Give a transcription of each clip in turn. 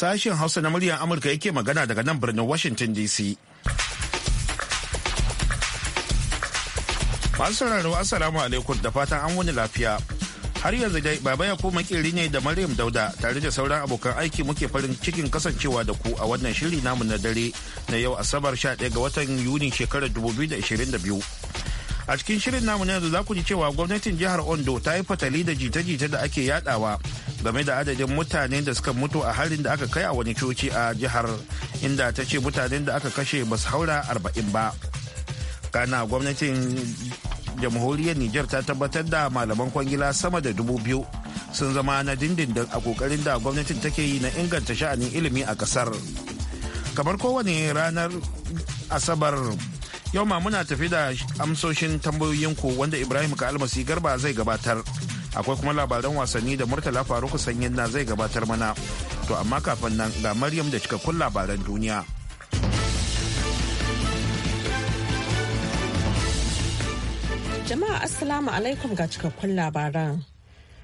Sashen Hausa na muryar Amurka yake magana daga nan birnin Washington DC. Masu sauraro Assalamu alaikum da fatan an wani lafiya. Har yanzu dai Baba ya koma kiri ne da Maryam Dauda tare da sauran abokan aiki muke farin cikin kasancewa da ku a wannan shiri namu na dare na yau Asabar 11 ga watan Yuni shekarar da biyu. a cikin shirin namu na yanzu za ku ji cewa gwamnatin jihar ondo ta yi fatali da jita-jita da ake yadawa game da adadin mutane da suka mutu a harin da aka kai a wani coci a jihar inda ta ce mutanen da aka kashe ba su haura arba'in ba kana gwamnatin jamhuriyar niger ta tabbatar da malaman kwangila sama da dubu biyu sun zama na dindindin a kokarin da gwamnatin take yi na inganta sha'anin ilimi a kasar kamar kowane ranar asabar yau ma muna tafi da amsoshin tambayoyinku wanda ibrahim ka almasi garba zai gabatar akwai kuma labaran wasanni da murtala faruku sanyin na zai gabatar mana to amma kafin nan ga maryam da cikakkun labaran duniya jama'a assalamu alaikum ga cikakkun labaran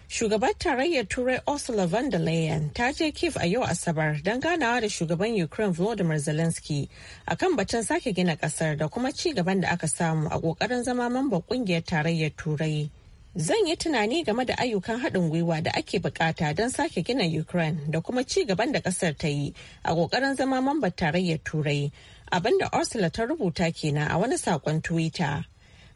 shugaban tarayyar turai ursula von der leyen ta je kiev a yau asabar don ganawa da shugaban ukraine volodymyr zelensky akan batun sake gina kasar da kuma ci gaban da aka samu a kokarin zama mamban kungiyar tarayyar turai Zan yi tunani game da ayyukan haɗin gwiwa da ake bukata don sake gina Ukraine da kuma ci gaban da ƙasar ta yi a ƙoƙarin zama mambar tarayyar Turai. Abinda Ursula ta rubuta kenan a wani saƙon Twitter.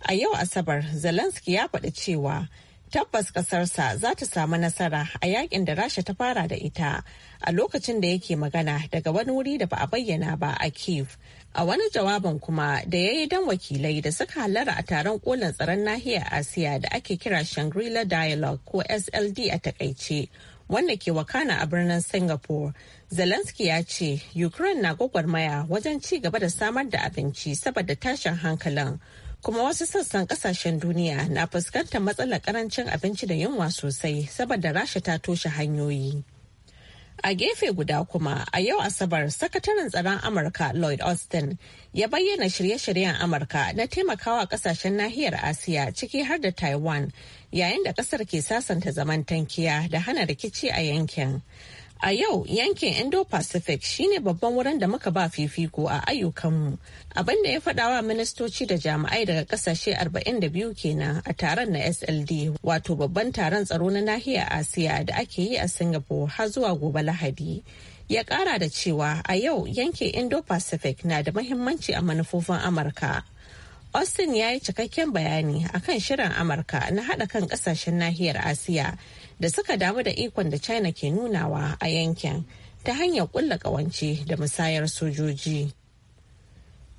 A yau Asabar, Zelensky ya faɗi cewa tabbas kasarsa za ta samu nasara a yakin da rasha ta fara da ita a lokacin da yake magana daga wani wuri da ba a bayyana ba a kiev a wani jawabin kuma da ya yi dan wakilai da suka halara a taron kolin tsaron nahiyar asiya da ake kira shangri-la dialogue ko sld a takaice wanda ke wakana a birnin singapore zelensky ya ce ukraine na gwagwarmaya wajen ci gaba da samar da abinci saboda tashin hankalin kuma wasu sassan kasashen duniya na fuskantar matsalar karancin abinci da yunwa sosai saboda rasha ta toshe hanyoyi a gefe guda kuma a yau asabar sakataren tsaron amurka lloyd austin ya bayyana shirye-shiryen amurka na taimakawa kasashen nahiyar asiya ciki har da taiwan yayin da kasar ke sasanta zaman tankiya da hana rikici a yankin A yau yankin Indo-Pacific shine babban wurin da muka ba fifiko a ayyukanmu. Abin da ya faɗawa ministoci da jami'ai daga ƙasashe 42 kenan a taron na SLD wato babban taron tsaro na nahiyar Asiya da ake yi a Singapore har zuwa gobe Lahadi. Ya ƙara da cewa a yau yankin Indo-Pacific na da mahimmanci a manufofin Amurka. Austin ya yi cikakken bayani akan shirin Amurka na haɗa kan ƙasashen nahiyar Asiya da suka damu da ikon da China ke nunawa a yankin ta hanyar kulla kawance da musayar sojoji.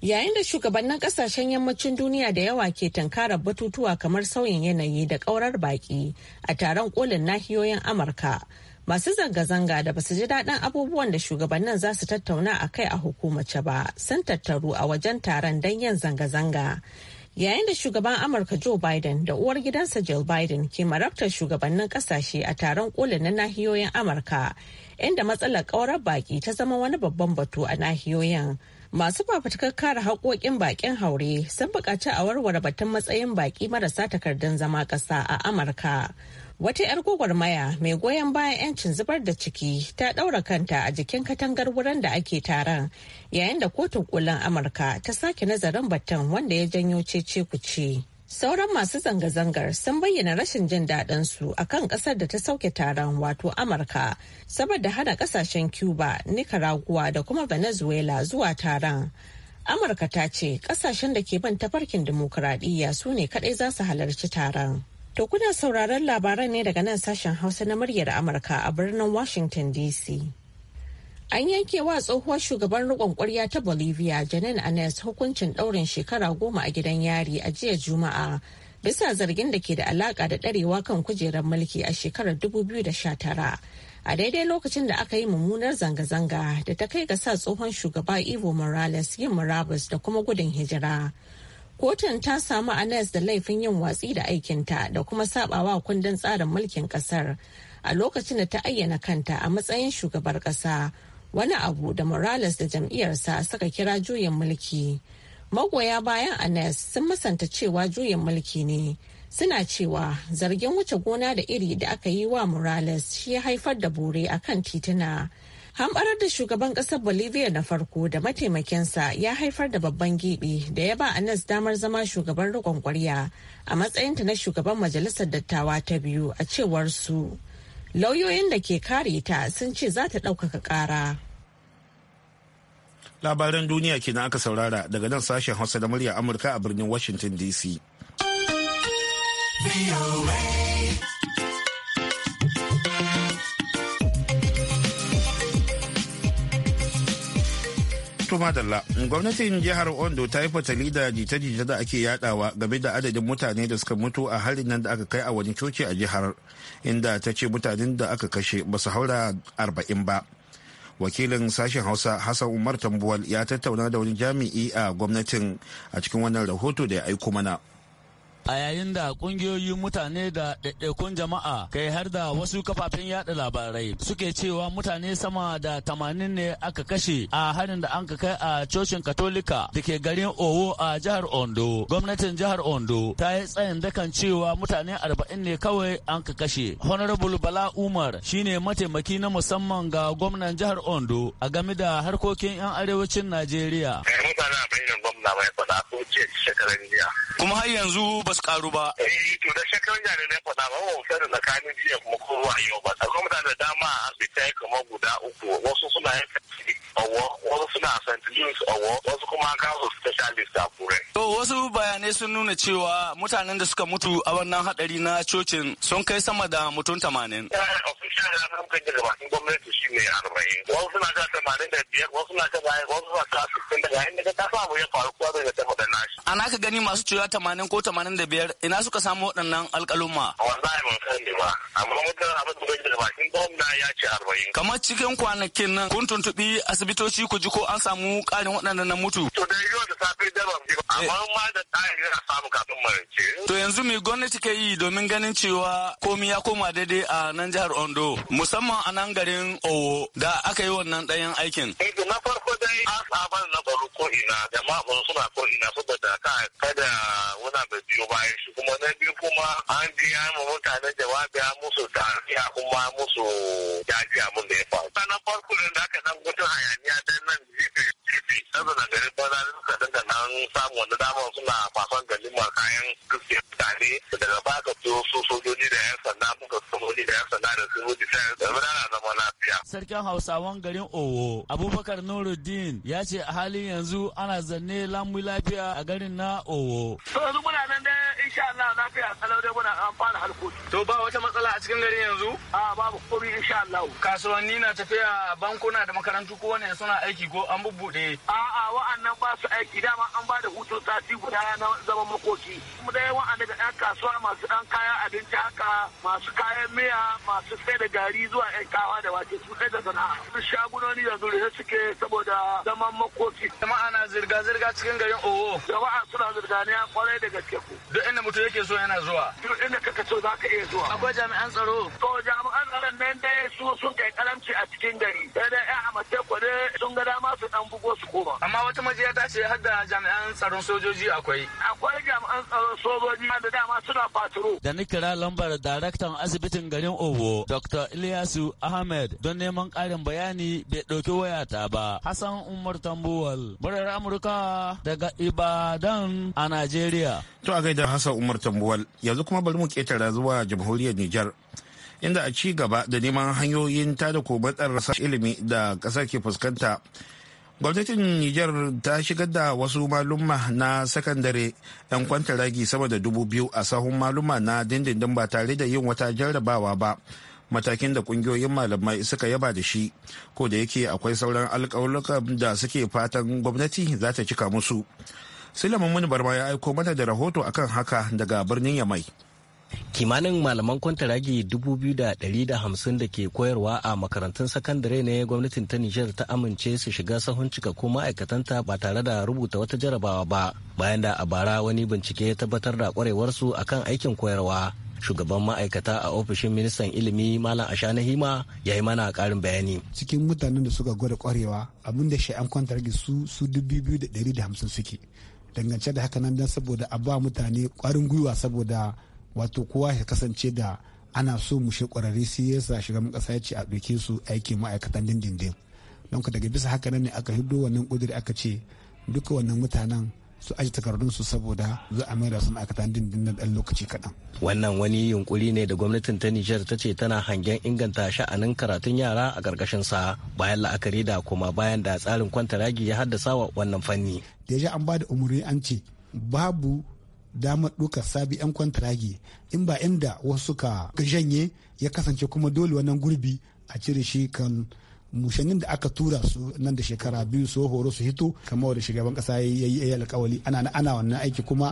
Yayin da shugabannin kasashen yammacin duniya da yawa ke tankarar batutuwa kamar sauyin yanayi da kaurar baki a taron kolin nahiyoyin Amurka. masu zanga-zanga da basu ji daɗin abubuwan da shugabannin za su tattauna a kai a hukumace ba sun tattaru a wajen taron don yin zanga-zanga yayin da shugaban amurka joe biden da uwar gidansa jill biden ke marabtar shugabannin kasashe a taron koli na nahiyoyin amurka inda matsalar ƙaurar baki ta zama wani babban batu a nahiyoyin Masu fafutukar kare haƙoƙin baƙin haure sun buƙaci a warware batun matsayin baƙi marasa takardun zama ƙasa a Amurka. Wata 'yar gwagwarmaya mai goyon bayan 'yancin zubar da ciki ta ɗaura kanta a jikin katangar wurin da ake taron yayin da kotun ƙulan Amurka ta sake nazarin batun wanda ya janyo ce-ce cece kuce. Sauran masu zanga-zangar sun bayyana rashin jin daɗin su a kan ƙasar da ta sauke taron wato Amurka saboda hana ƙasashen Cuba, Nicaragua da kuma Venezuela zuwa taron. Amurka ta ce ƙasashen da ke bin tafarkin dimokuraɗiyya su ne kaɗai za su halarci taron. To kuna sauraron labaran ne daga nan sashen Hausa na muryar Amurka a birnin Washington DC. An yanke wa tsohuwar shugaban riƙon ƙwarya ta Bolivia, janin Anes hukuncin ɗaurin shekara goma a gidan yari a jiya Juma'a bisa zargin da ke da alaƙa da ɗarewa kan kujerar mulki a shekarar 2019. A daidai lokacin da aka yi mummunar zanga-zanga da ta kai ga sa tsohon shugaba Evo Morales yin murabus da kuma gudun hijira. kotun ta samu anes da laifin yin watsi da aikinta da kuma sabawa kundin tsarin mulkin kasar a lokacin da ta ayyana kanta a matsayin shugabar kasa wani abu da morales da jam'iyyarsa suka kira juyin mulki magoya bayan anes sun masanta cewa juyin mulki ne suna cewa zargin wuce gona da iri da aka yi wa morales shi ya haifar da bore a kan tituna hamɓarar da shugaban ƙasar bolivia na farko da mataimakinsa ya haifar da babban gibi da ya ba anes damar zama shugaban riƙon ƙwarya a matsayinta na shugaban majalisar dattawa ta biyu a cewar su lauyoyin da ke kare ta sun ce za ta ɗaukaka ƙara. labaran duniya kenan aka saurara daga nan sashen hausa da murya amurka a birnin washington dc. To madalla, gwamnatin jihar Ondo ta yi fatali da jita-jita da ake yadawa game da adadin mutane da suka mutu a harin nan da aka kai a wani coci a jihar, inda ta ce mutanen da aka kashe ba su haura arba'in ba. Wakilin sashen Hausa Hassan Umar Tambuwal ya tattauna da wani jami'i a gwamnatin a cikin wannan rahoto da ya aiko mana. a yayin da kungiyoyin mutane da ɗaiɗaikun jama'a kai har da wasu kafafen yada labarai suke cewa mutane sama da tamanin ne aka kashe a harin da an kai a cocin katolika da ke garin owo a jihar ondo gwamnatin jihar ondo ta yi tsayin dakan cewa mutane arba'in ne kawai an ka kashe honorable bala umar shine mataimaki na musamman ga gwamnan jihar ondo a game da harkokin yan arewacin najeriya kuma har yanzu ba karu ba. Eh, eh to da shakkan jari ne faɗa ba ba sai da tsakanin jiya kuma ko ruwa yau ba. Akwai mutane da dama a asibitai kamar guda uku wasu suna yin awo wasu suna St. wasu kuma an kawo su specialist a kure. To wasu bayanai sun nuna cewa mutanen da suka mutu a wannan hadari na cocin sun kai sama da mutum tamanin. A naka gani masu cewa tamanin ko tamanin da biyar ina suka samu waɗannan alƙaluma. Kamar cikin kwanakin nan kun tuntuɓi asibitoci ku ji ko an samu ƙarin waɗannan mutu. To da yau da safe da Eh. amma ma da tsari za samu kafin marance. To yanzu me gwamnati ke yi domin ganin cewa komi ya koma daidai a nan jihar Ondo musamman a nan garin Owo da aka yi wannan ɗayan aikin. Eh na farko dai an samu na baro ko ina jama'a suna ko ina saboda kada wani bai biyo bayan shi kuma na biyu kuma an biya ya ma mutane jawabi musu tarihi kuma musu jaji abin da ya faru. Na farko da wanda dama suna kwasan galimar kayan gaske mutane daga baka su sojoji da yan sanda muka sojoji da yan sanda da civil defense da lafiya. Sarkin Hausawan garin Owo, Abubakar Nuruddin ya ce a halin yanzu ana zanne lamu lafiya a garin na Owo. To yanzu muna nan da insha Allah lafiya kalau dai muna an fara harkoki. To ba wata matsala a cikin garin yanzu? A babu komai insha Allah. Kasuwanni na tafiya bankuna da makarantu ko wani suna aiki ko an bubbuɗe. A'a wa'annan ba su aiki dama an ba da hutu sati guda na zaman makoki. Kuma dai wa'anda da ɗan kasuwa masu ɗan kayan abinci haka masu kayan miya masu sai da gari zuwa ƴan kawa da wake kai da sana'a su shagunoni yanzu da suke saboda zaman makoki jama'a na zirga-zirga cikin garin owo jama'a suna zirga zirganiya kwarai da gaske ku duk inda mutum yake so yana zuwa duk inda ka so za ka iya zuwa akwai jami'an tsaro to jami'an tsaron nan dai su sun kai karamci a cikin gari sai dai ya amace dai sun ga dama su dan bugo su koma. Amma wata majiya ta ce har da jami'an tsaron sojoji akwai. Akwai jami'an tsaron sojoji da dama suna faturo. Da ni kira lambar daraktan asibitin garin Owo, Dr. Ilyasu Ahmed don neman ƙarin bayani bai ɗauki wayata ba. Hassan Umar Tambuwal, murar Amurka daga Ibadan a Najeriya. To a gaida Hassan Umar Tambuwal, yanzu kuma bari mu ketara zuwa jamhuriyar Nijar. inda a ci gaba da neman hanyoyin tada komatsar rasa ilimi da ƙasar ke fuskanta gwamnatin nijar ta shigar da wasu maluma na sakandare 'yan kwantaragi sama da dubu biyu a sahun maluma na dindindin ba tare da yin wata jarrabawa ba matakin da kungiyoyin malamai suka yaba da shi ko da yake akwai sauran alƙawalukan da suke fatan gwamnati za ta cika musu sulaiman muni barma ya aiko mana da rahoto akan haka daga birnin yamai kimanin malaman kwantaragi 2,150 da ke koyarwa a makarantun sakandare ne gwamnatin ta nijar ta amince su shiga sahun cikakku ma'aikatanta ba tare da rubuta wata jarabawa ba bayan da a bara wani bincike ya tabbatar da kwarewarsu akan aikin koyarwa shugaban ma'aikata a ofishin ministan ilimi malam na hima ya yi mana karin bayani cikin mutanen da suka gwada kwarewa abin da sha'an kwantaragi su su 2,150 suke dangance da haka nan don saboda a ba mutane kwarin gwiwa saboda wato kowa ya kasance da ana so mu shi kwararri sai ya sa shiga kasa ya ce a ɗauke su aikin ma'aikatan dindindin don daga bisa haka nan ne aka hiddo wannan ƙudiri aka ce duka wannan mutanen su aji takardunsu saboda za a maida su ma'aikatan dindindin na ɗan lokaci kaɗan. Wannan wani yunkuri ne da gwamnatin ta Nijar ta ce tana hangen inganta sha'anin karatun yara a ƙarƙashin sa bayan la'akari da kuma bayan da tsarin kwantaragi ya haddasa wa wannan fanni. Da ya an ba da umarni an ce babu damar dukar sabi 'yan kwantaragi in ba inda wasu suka janye ya kasance kuma dole wannan gurbi a cire shi kan mushannin da aka tura su nan da shekara biyu su horo su hito kamar da shugaban kasa ya yi alkawali ana ana wannan aiki kuma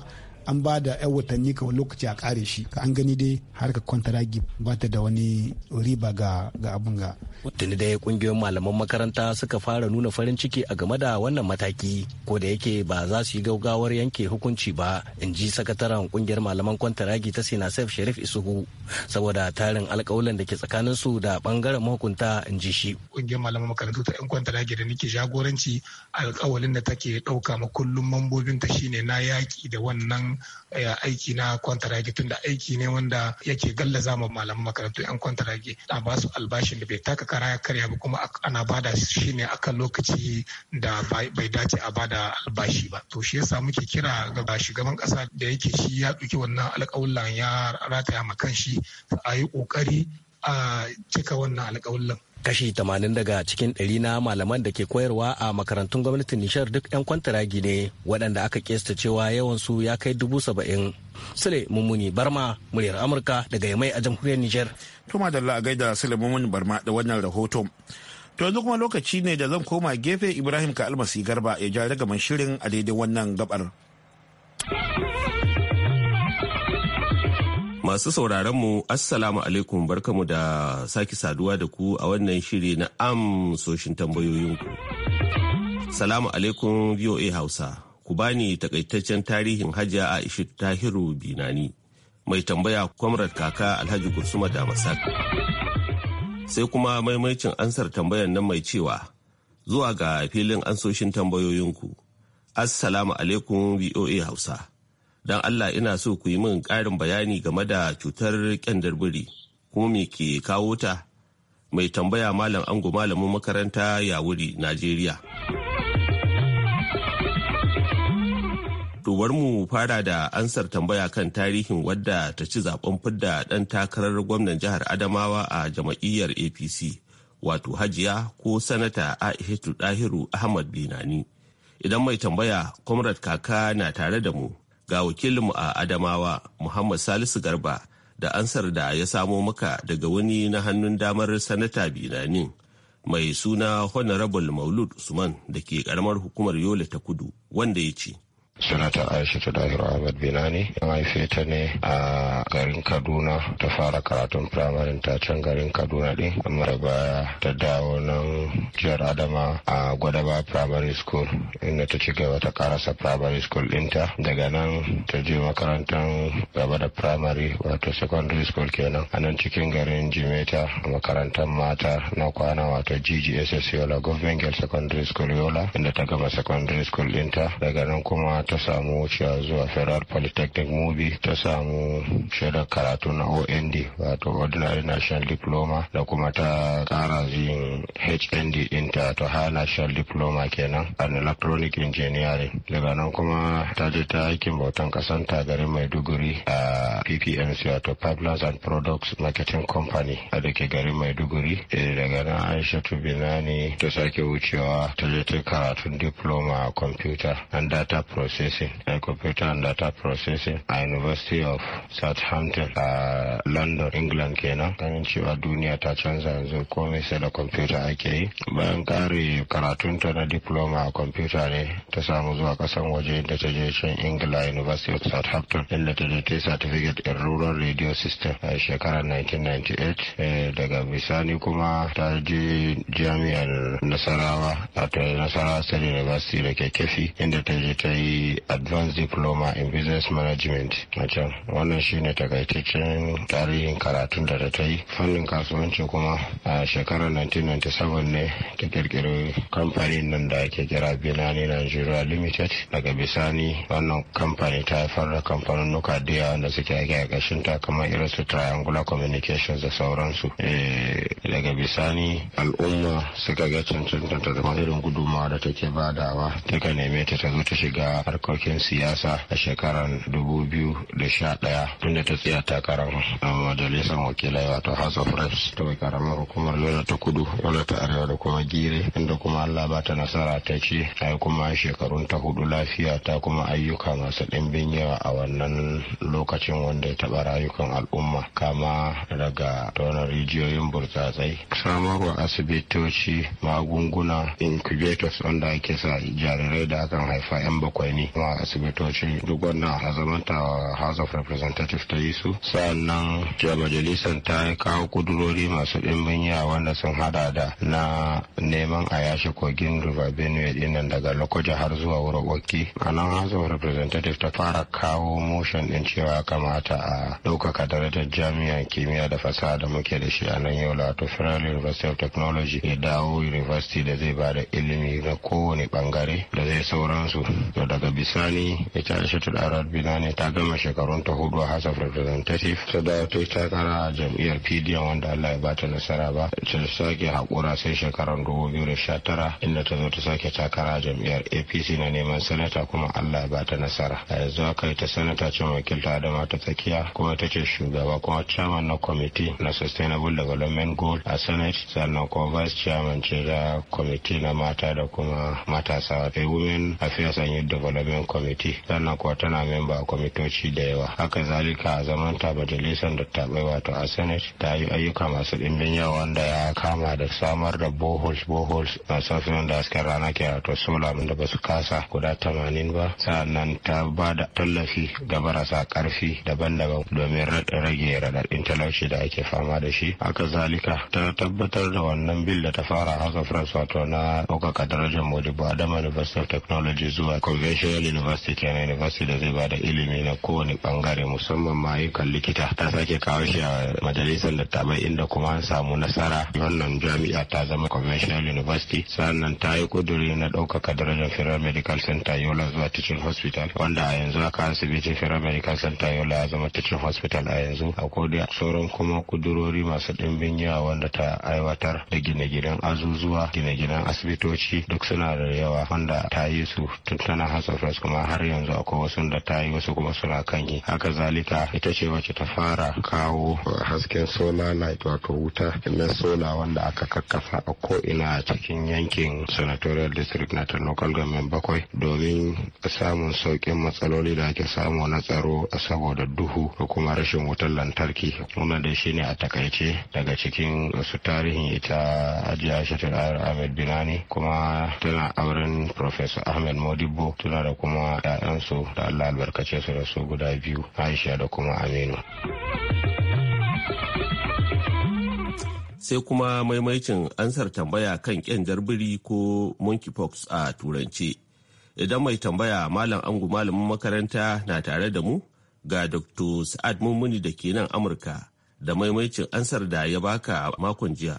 an ba da yan watanni kawai lokaci a kare shi ka an gani dai harkar kwantaragi ba ta da wani riba ga ga abun ga tuni dai kungiyoyin malaman makaranta suka fara nuna farin ciki a game da wannan mataki ko da yake ba za su yi gaugawar yanke hukunci ba in ji sakataren kungiyar malaman kwantaragi ta saif sharif isuhu saboda tarin alkawalan da ke tsakanin su da bangaren mahukunta in ji shi kungiyar malaman makarantu ta yan kwantaragi da nake jagoranci alkawalin da take dauka ma kullum mambobinta shine na yaki da wannan Eh, aiki na kwantarage tunda aiki ne wanda yake gallaza ma malaman makarantu yan kwantarage a ba su albashin da bai taka kara karya ba kuma ana bada shi ne akan lokaci da bai dace a bada albashi ba to shi yasa muke kira ga shugaban kasa da yake shi ya ɗauki wannan alƙawullan ya rataya ma kan shi a yi ƙoƙari a cika wannan alƙawullan kashi 80 daga cikin ɗari na malaman da ke koyarwa a makarantun gwamnatin nishar duk 'yan kwantaragi ne waɗanda aka kesta cewa yawansu ya kai dubu saba'in sule mummuni barma muryar amurka daga yamai a jamhuriyar nijar tuma da la gaida sule mummuni barma da wannan rahoton to yanzu kuma lokaci ne da zan koma gefe ibrahim ka almasi garba ya ja ragaman shirin a daidai wannan gabar Masu sauraronmu, Assalamu alaikum barkamu da sake saduwa da ku a wannan shiri na amsoshin tambayoyinku. Salamu alaikum VOA Hausa, ku bani takaitaccen tarihin hajja a Aisha Tahiru Binani, mai tambaya kwamrat kaka Alhaji da Masar. Sai kuma maimaicin ansar tambayan nan mai cewa, zuwa ga filin ansoshin tambayoyinku. Assalamu alaikum VOA Hausa. don allah ina so ku yi min ƙarin bayani game da cutar kyandar biri kuma me ke kawo ta mai tambaya malam ango malamin makaranta ya wuri najeriya Tuwar mu fara da ansar tambaya kan tarihin wadda ta ci zaben fidda ɗan takarar gwamnan jihar adamawa a jama'iyyar apc wato hajiya ko sanata aishatu dahiru ahmad binani idan mai tambaya comrade kaka na tare da mu ga wakilinmu a Adamawa Muhammad Salisu Garba da ansar da ya samo maka daga wani na hannun damar sanata Binanin mai suna Honorable Maulud Usman da ke karamar hukumar Yola ta Kudu wanda ya ce. sunata aisha ta dahir ahmad binani haife ta ne a garin kaduna ta fara karatun firamare ta can garin kaduna din amma da baya ta dawo nan jihar adama a gwadaba primary school inda ta ci gaba ta karasa primary school dinta daga nan ta je makarantar gaba da primary wato secondary school kenan a nan cikin garin jimeta a makarantar mata na kwana wato ggss yola government girls secondary school yola inda ta gama secondary school dinta daga nan kuma ta samu wucewa zuwa federal polytechnic mobi ta samu shaidar karatu na ond wato ordinary national diploma da kuma ta kara yin hnd ɗinta ta high national diploma kenan an electronic engineering daga nan kuma ta je ta aikin bautan kasan garin maiduguri a ppmc wato pipelines and products marketing company a da ke garin maiduguri eh, daga nan aishatu binani ta sake wucewa ta je ta karatun diploma a computer and data process processing na computer and data processing a university of southampton a uh, london england kenan ganin cewa duniya ta canza yanzu komai sai da computer ake yi bayan kare karatunta na diploma a computer ne ta samu zuwa kasan waje da ta je can ingila university of southampton inda ta je ta certificate in rural radio system a shekarar 1998 eh, daga bisani kuma ta je jami'ar nasarawa a ta nasarawa state university da kefi inda ta je ta yi advanced diploma in business management macam can wannan shine takaitaccen tarihin karatun da ta yi fannin kasuwanci kuma a shekarar 1997 ne ta kirkiri kamfanin nan da ake kira binani nigeria limited daga bisani wannan kamfani ta haifar da kamfanin da yawa da suke aiki a kashin ta kamar irin su triangular communications da sauransu eh, daga bisani al'umma suka ga cancanta da zama irin gudunmawa da take badawa ta neme ta ta zo ta shiga har harkokin siyasa a shekarar 2011 tunda ta tsaya takarar uh, majalisar wakilai wato House of Reps ta mai karamar hukumar Lola ta Kudu, Lola ta Arewa da kuma Gire, inda kuma Allah ba ta nasara ta ce ta kuma shekarun ta hudu lafiya ta kuma ayyuka masu ɗimbin yawa a wannan lokacin wanda ya taɓa rayukan al'umma kama daga tona rijiyoyin burtsatsai samarwa asibitoci magunguna incubators wanda ake sa jarirai da akan haifa 'yan bakwai ne a asibitoci duk wannan a zamanta house of representatives ta yi su sannan majalisar ta kawo kudurori masu ɗimbin yawa wanda sun hada da na neman a yashe kogin river benue dinnan daga lokoja har zuwa wurowoki a nan house of representatives ta fara kawo motion din cewa kamata a ɗaukaka darajar jami'an kimiyya da fasaha da muke da shi a nan yau wato federal university of technology ya dawo university da zai ba da ilimi na kowane bangare da zai sauransu da daga daga bisani ita aishatu da arabina ne ta gama shekarun ta hudu a house representative ta da ta takara a jam'iyyar pdm wanda allah ya bata nasara ba ta sake haƙura sai shekaran dubu biyu da sha tara inda ta zo ta sake takara a jam'iyyar apc na neman sanata kuma allah ya bata nasara a yanzu aka yi ta sanata ce wakilta adama ta tsakiya kuma ta ce shugaba kuma chairman na kwamiti na sustainable development goal a senate sannan kuma vice chairman ce da kwamiti na mata da kuma matasa a women affairs and youth development karamin kwamiti sannan kuwa tana memba a kwamitoci da yawa haka zalika a zaman ta majalisar dattabai wato a senate ta yi ayyuka masu ɗimbin yawa wanda ya kama da samar da boholes boholes a fiye da hasken rana ke wato sola da ba su kasa guda tamanin ba sannan ta ba da tallafi ga marasa karfi daban-daban domin rage raɗaɗin talauci da ake fama da shi haka zalika ta tabbatar da wannan bil da ta fara haka france wato na ɗaukaka darajar modibo adama university of technology zuwa convention royal university kenan university da zai bada ilimi na kowane bangare musamman ma ayyukan likita ta sake kawo shi a majalisar dattabai inda kuma an samu nasara wannan jami'a ta zama conventional university sannan ta yi kuduri na ɗaukaka darajar federal medical center yola zuwa teaching hospital wanda a yanzu aka asibitin federal medical center yola ya zama teaching hospital a yanzu akwai da sauran kuma kudurori masu ɗimbin yawa wanda ta aiwatar da gine-ginen azuzuwa gine-ginen asibitoci duk suna da yawa wanda ta yi su tun tana hasa conference kuma har yanzu akwai wasu da ta yi wasu kuma suna kan yi haka zalika ita ce wacce ta fara kawo hasken solar light wato wuta na sola wanda aka kakkafa a ko'ina cikin yankin senatorial district na local government bakwai domin samun saukin matsaloli da ake samu na tsaro a saboda duhu da kuma rashin wutar lantarki muna da shi ne a takaice daga cikin wasu tarihin ita ajiya shatar ahmed binani kuma tana auren professor ahmed modibo tana da kuma su da Allah albarkace su da su guda biyu Aisha da kuma Aminu. Sai kuma maimaicin ansar tambaya kan ƙyan jarbiri ko monkeypox a turance. Idan mai tambaya malam angu malamin makaranta na tare da mu ga Dr. Sa'ad Mummuni da ke nan Amurka da maimaicin ansar da ya baka makon jiya.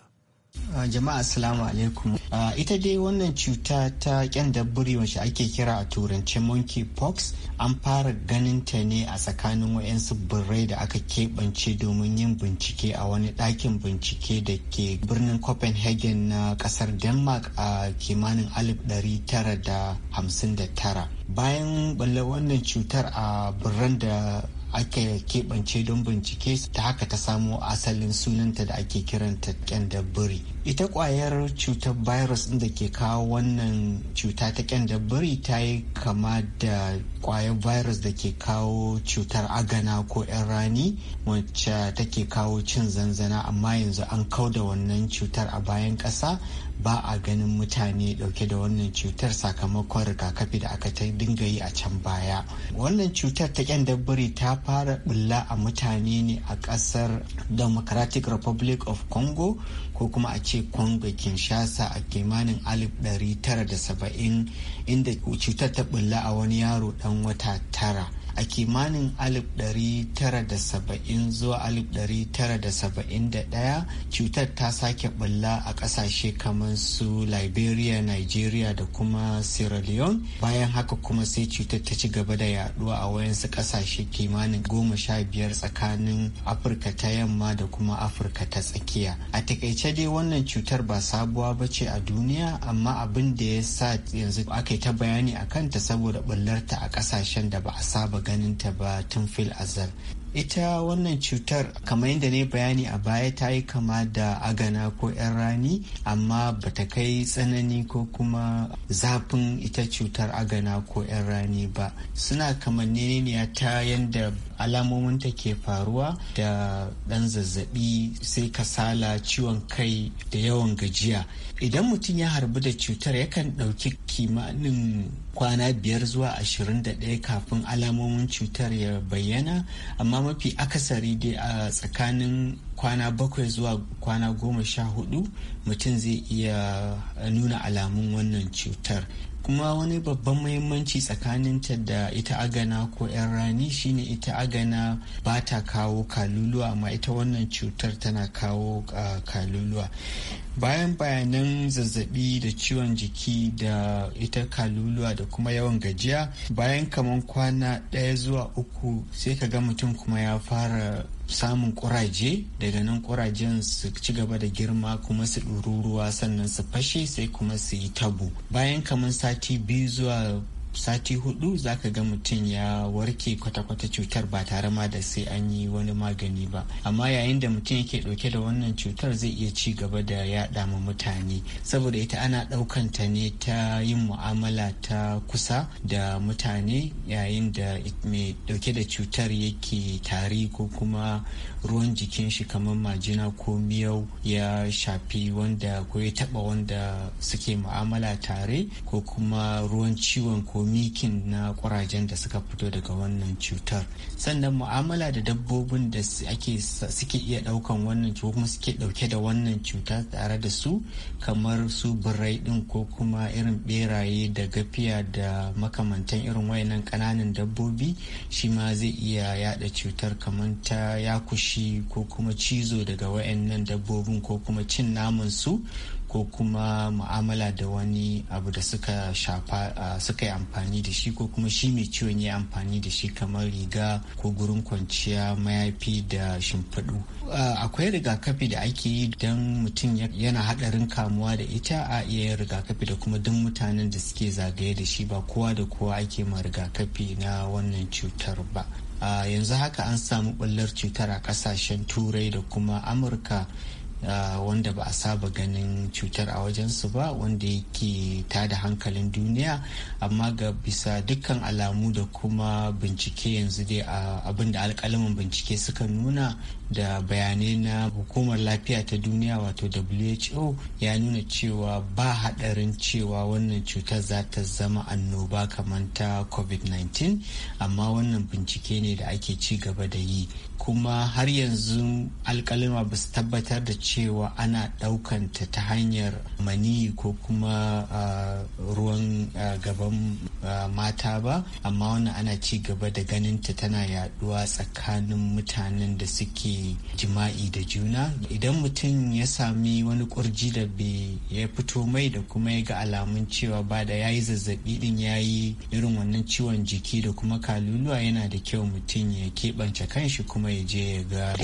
Ah, jama'a assalamu alaikum ah, ita dai wannan cuta ta dabburi wacce ake kira a turance monkey pox an fara ganin ta ne a tsakanin wayansu birrai da aka keɓance domin yin bincike a wani ɗakin bincike da ke birnin copenhagen na ƙasar denmark a kimanin 1959 bayan balle wannan cutar a birran da ake keɓance don bincike ta haka ta samo asalin sunanta da ake kiranta ƙyandabiri ita kwayar cutar virus da ke kawo wannan cuta ta ƙyandabiri ta yi kama da ƙwayar virus da ke kawo cutar agana ko 'yan rani wacce take kawo cin zanzana amma yanzu an kau da wannan cutar a bayan ƙasa ba a ganin mutane dauke da wannan cutar sakamakon rigakafi da aka ta dinga yi a can baya wannan cutar ta kyan dabbari ta fara bulla a mutane ne a kasar democratic republic of congo ko kuma a ce congo kinshasa a kimanin 1970 inda cutar ta bulla a wani yaro dan wata tara a kimanin 1970 zuwa 1971 cutar ta sake bulla a kasashe kamar su liberia nigeria da kuma sierra leone bayan haka kuma sai cutar ta ci gaba da yaduwa a wayansu kasashe kimanin 15 tsakanin afirka ta yamma da kuma afirka ta tsakiya a takaice ita dai wannan cutar ba sabuwa ba ce a duniya amma abin da ya sa yanzu aka ta bayani a kanta saboda ɓullarta a ƙasashen da ba a saba ganin ta ba tun fil azal ita wannan cutar kamar yadda ne bayani a baya ta yi kama da agana ko 'yan rani amma ba ta kai tsanani ko kuma zafin ita cutar agana ko 'yan rani ba suna kamar kamanniniya ta yadda alamominta ke faruwa da ɗan zazzabi sai kasala ciwon kai da yawan gajiya idan mutum ya harbi da cutar yakan ɗauki kimanin kwana biyar zuwa ashirin da ɗaya kafin alamomin cutar ya bayyana amma mafi akasari dai a tsakanin kwana bakwai zuwa kwana goma sha hudu mutum zai iya nuna alamun wannan cutar kuma wani babban muhimmanci ta da ita agana ko yan rani shine ita agana ba ta kawo kaluluwa amma ita wannan cutar tana kawo kaluluwa bayan bayanan zazzabi da ciwon jiki da ita kaluluwa da kuma yawan gajiya bayan kaman kwana ɗaya zuwa uku sai ka ga mutum kuma ya fara samun ƙuraje daga nan ƙurajen su ci gaba da girma kuma su ɗururuwa sannan su fashe sai kuma su yi tabo bayan kamar sati biyu zuwa sati hudu za ka ga mutum ya warke kwata-kwata cutar ba tare ma da sai an yi wani magani ba amma yayin da mutum yake dauke da wannan cutar zai iya ci gaba da yaɗa ma mutane saboda ita ana ɗaukan ta ne ta yin mu'amala ta kusa da mutane yayin da mai dauke da cutar yake tari ko kuma ruwan jikin shi kamar majina ko miyau ya shafi wanda ko ya taɓa wanda suke mu'amala tare ko kuma ruwan ciwon ko mikin na kurajen da suka fito daga wannan cutar sannan mu'amala da dabbobin da suke iya daukan wannan cutar kuma suke dauke da wannan cuta tare da su kamar su birai din ko kuma irin beraye da gafiya da makamantan irin wayannan kananan dabbobi shi ma zai iya yada cutar kamar ta yakushi ko kuma cizo daga wayannan dabbobin ko kuma cin naman su ko kuma mu'amala da wani abu da suka shafa suka yi amfani da shi ko kuma shi mai ciwon ya amfani da shi kamar riga ko gurin kwanciya mayafi da shimfiɗu akwai rigakafi da ake yi don mutum yana haɗarin kamuwa da ita a iya rigakafi da kuma duk mutanen da suke zagaye da shi ba kowa da kowa ake ma rigakafi na wannan cutar ba yanzu haka an samu ɓullar cutar a ƙasashen turai da kuma amurka wanda ba a saba ganin cutar a wajensu ba wanda yake tada hankalin duniya amma ga bisa dukkan alamu da kuma bincike yanzu dai abinda abinda alkalamin bincike suka nuna da bayanai na hukumar lafiya ta duniya wato who ya nuna cewa ba hadarin cewa wannan cutar za ta zama annoba kamar ta covid-19 amma wannan bincike ne da ake ci gaba da yi kuma har yanzu alkalima ba su tabbatar da cewa ana daukanta ta hanyar mani ko kuma ah, ruwan ah, gaban mata ba amma wannan ana ci gaba da ganin ta tana yaduwa tsakanin mutanen da suke jima'i da juna idan mutum ya sami wani kurji da bai ya fito mai da kuma ya ga alamun cewa ba da ya yi zazzabi din ya yi irin wannan ciwon jiki da kuma kaluluwa yana da kyau mutum ya keɓance kanshi kuma ya je ya ga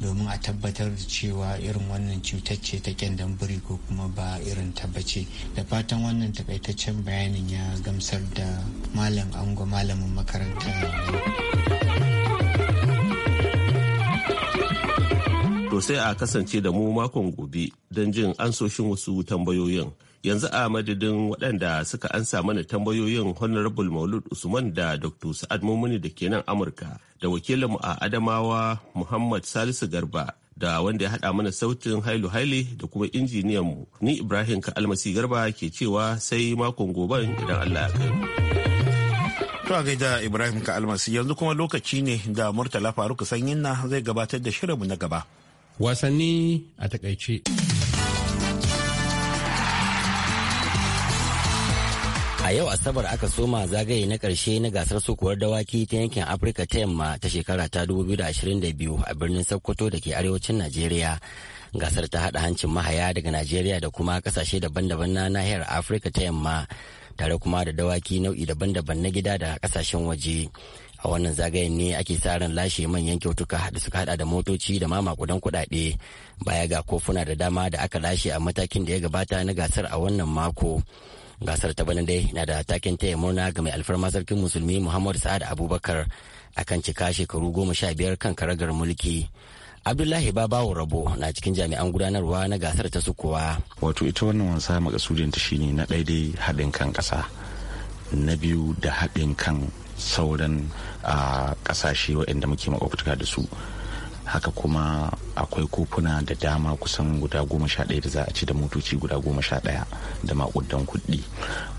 domin a tabbatar da cewa irin wannan cutar ce ta kyandan biri ko kuma ba irin ta bace da fatan wannan takaitaccen bayanin ya gamsar da malam ango malamin makaranta to sai a kasance da mu makon gobe don jin ansoshin wasu tambayoyin yanzu a madadin waɗanda suka ansa mana tambayoyin honorable maulud usman da dr sa'ad mumuni da ke nan amurka da wakilinmu a adamawa muhammad salisu garba da wanda ya haɗa mana sautin hailu haile da kuma injiniyanmu ni ibrahim ka almasi garba ke cewa sai makon goban idan allah ya kai to a gaida ibrahim ka almasi yanzu kuma lokaci ne da murtala faruk sanyin na zai gabatar da shirinmu na gaba wasanni a takaice A yau Asabar aka soma zagaye na ƙarshe na gasar sokuwar dawaki ta yankin Afirka ta yamma ta shekara ta 2022 a birnin Sokoto da ke arewacin Najeriya. Gasar ta haɗa hancin mahaya daga Najeriya da kuma ƙasashe daban-daban na nahiyar Afirka ta yamma tare kuma da dawaki nau'i daban-daban na gida da ƙasashen waje. A wannan zagayen ne ake sa ran lashe manyan kyautuka da suka hada da motoci da mama kudan kuɗaɗe baya ga kofuna da dama da aka lashe a matakin da ya gabata na gasar a wannan mako. gasar ta bana dai na da takin taya murna ga mai alfarma sarkin musulmi muhammad sa'ad abubakar akan cika shekaru goma sha biyar kan karagar mulki abdullahi babawo rabo na cikin jami'an gudanarwa na gasar ta sukuwa wato ita wannan wasa makasudin ta shine na daidai haɗin kan ƙasa na biyu da haɗin kan sauran ah, ƙasashe waɗanda muke makwabtaka da su haka kuma akwai kofuna da dama kusan guda goma sha ɗaya da za a ci da motoci guda goma sha ɗaya da makudan kuɗi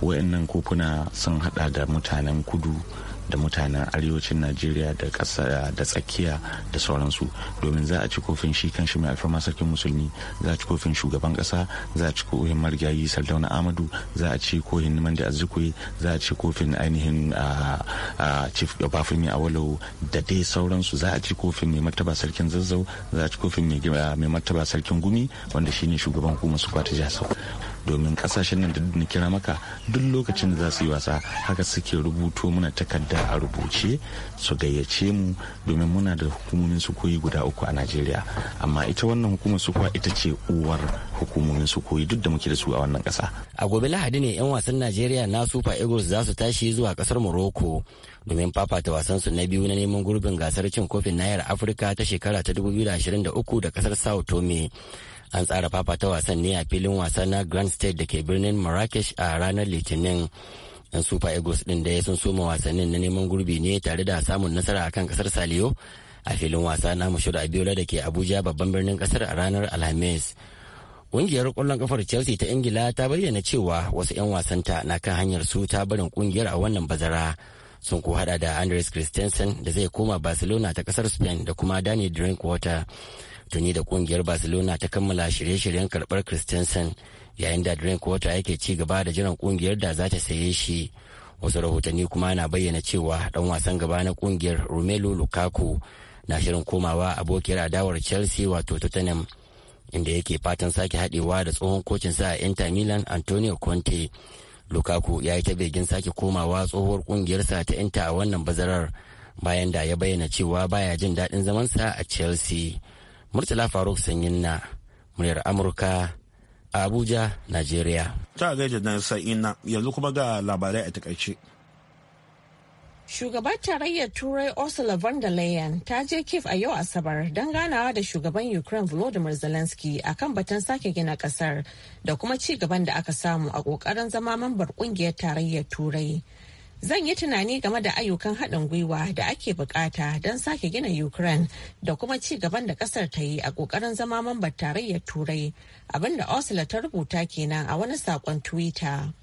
wayannan kofuna sun hada da mutanen kudu da mutanen arewacin najeriya da ƙasa da tsakiya da sauransu domin za a ci kofin shi kan shi mai alfarma sarkin musulmi za a ci kofin shugaban ƙasa za a ci kofin marigayi sardauna amadu za a ci kofin neman da azikwe za a ci kofin ainihin chief bafumi awolowo da dai sauransu za a ci kofin mai martaba sarkin zazzau za a ci kofin mai martaba sarkin gumi wanda shine shugaban hukumar su kwata jihar domin kasashen nan da na kira maka duk lokacin da za su yi wasa haka suke rubuto muna takarda a rubuce su gayyace mu domin muna da hukumomin su koyi guda uku a najeriya amma ita wannan hukumar su kuwa ita ce uwar hukumomin su koyi duk da muke da su a wannan kasa a gobe lahadi ne yan wasan najeriya na super eagles za su tashi zuwa kasar morocco domin fafata wasan su na biyu na neman gurbin gasar cin kofin nahiyar afirka ta shekara ta 2023 da kasar sao tome an tsara fafata wasan ne a filin wasa na grand state da ke birnin marrakesh a ranar litinin yan super eagles din da ya sun soma wasannin na neman gurbi ne tare da samun nasara akan kasar salio a filin wasa na mashur abiola da ke abuja babban birnin kasar a ranar alhamis kungiyar kwallon kafar Chelsea ta Ingila ta bayyana cewa wasu 'yan wasanta na kan hanyar su ta barin kungiyar a wannan bazara. Sun ko hada da Andres Christensen da zai koma Barcelona ta kasar Spain da kuma Danny Drinkwater. tuni da kungiyar barcelona ta kammala shirye-shiryen karbar christensen yayin da drink water yake ci gaba da jiran kungiyar da za ta saye shi wasu rahotanni kuma na bayyana cewa dan wasan gaba na kungiyar romelu lukaku na shirin komawa abokiyar adawar chelsea wato tottenham inda yake fatan sake haɗewa da tsohon kocin sa inter milan antonio conte lukaku ya yi ta begin sake komawa tsohuwar kungiyarsa ta inter a wannan bazarar bayan da ya bayyana cewa baya jin daɗin zamansa a chelsea Murtala Faruk Sanyin na muryar Amurka a Abuja, nigeria Ta gaida na sa'ina yanzu kuma ga labarai a takaice. shugaban tarayyar Turai Ursula von der Leyen ta je kif a yau Asabar don ganawa da shugaban Ukraine Volodymyr Zelensky a kan batun sake gina kasar da kuma ci gaban da aka samu a kokarin zama mambar kungiyar tarayyar Turai. Zan yi tunani game da ayyukan haɗin gwiwa da ake bukata don sake gina Ukraine da kuma ci gaban da ƙasar ta yi a ƙoƙarin zama mambar tarayyar Turai, abinda Ursula ta rubuta kenan a wani saƙon Twitter.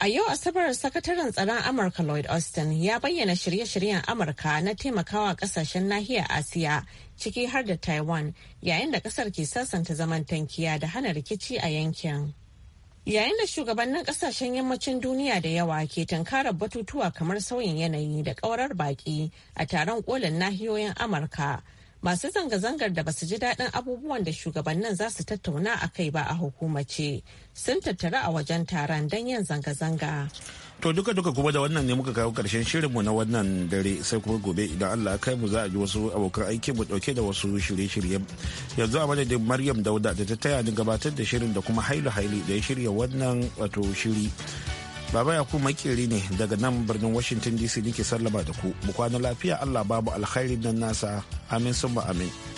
A yau Asabar sakataren tsaron Amurka Lloyd Austin ya bayyana shirye-shiryen Amurka na taimakawa kasashen nahiyar Asiya ciki har da Taiwan yayin da ƙasar ke sasanta zaman tankiya da hana rikici a yankin. Yayin da shugabannin kasashen yammacin duniya da yawa ke tankarar batutuwa kamar sauyin yanayi da ƙaurar baƙi a taron kolin nahiyoyin Amurka. Masu zanga-zangar da basu ji daɗin abubuwan da shugabannin za su tattauna a kai ba a hukumace sun tattara a wajen taron don yin zanga-zanga. To duka duka kuma da wannan ne muka kawo karshen shirinmu na wannan dare sai kuma gobe idan Allah kai mu za a ji wasu abokan aiki mu dauke da wasu shirye-shirye. Yanzu a madadin Maryam Dauda da ta taya ni gabatar da shirin da kuma Hailu Haili da ya shirya wannan wato shiri. Baba ya kuma makeri ne daga nan birnin Washington DC nake sallama da ku. Mu kwana lafiya Allah babu alkhairin nan nasa. Amin summa amin.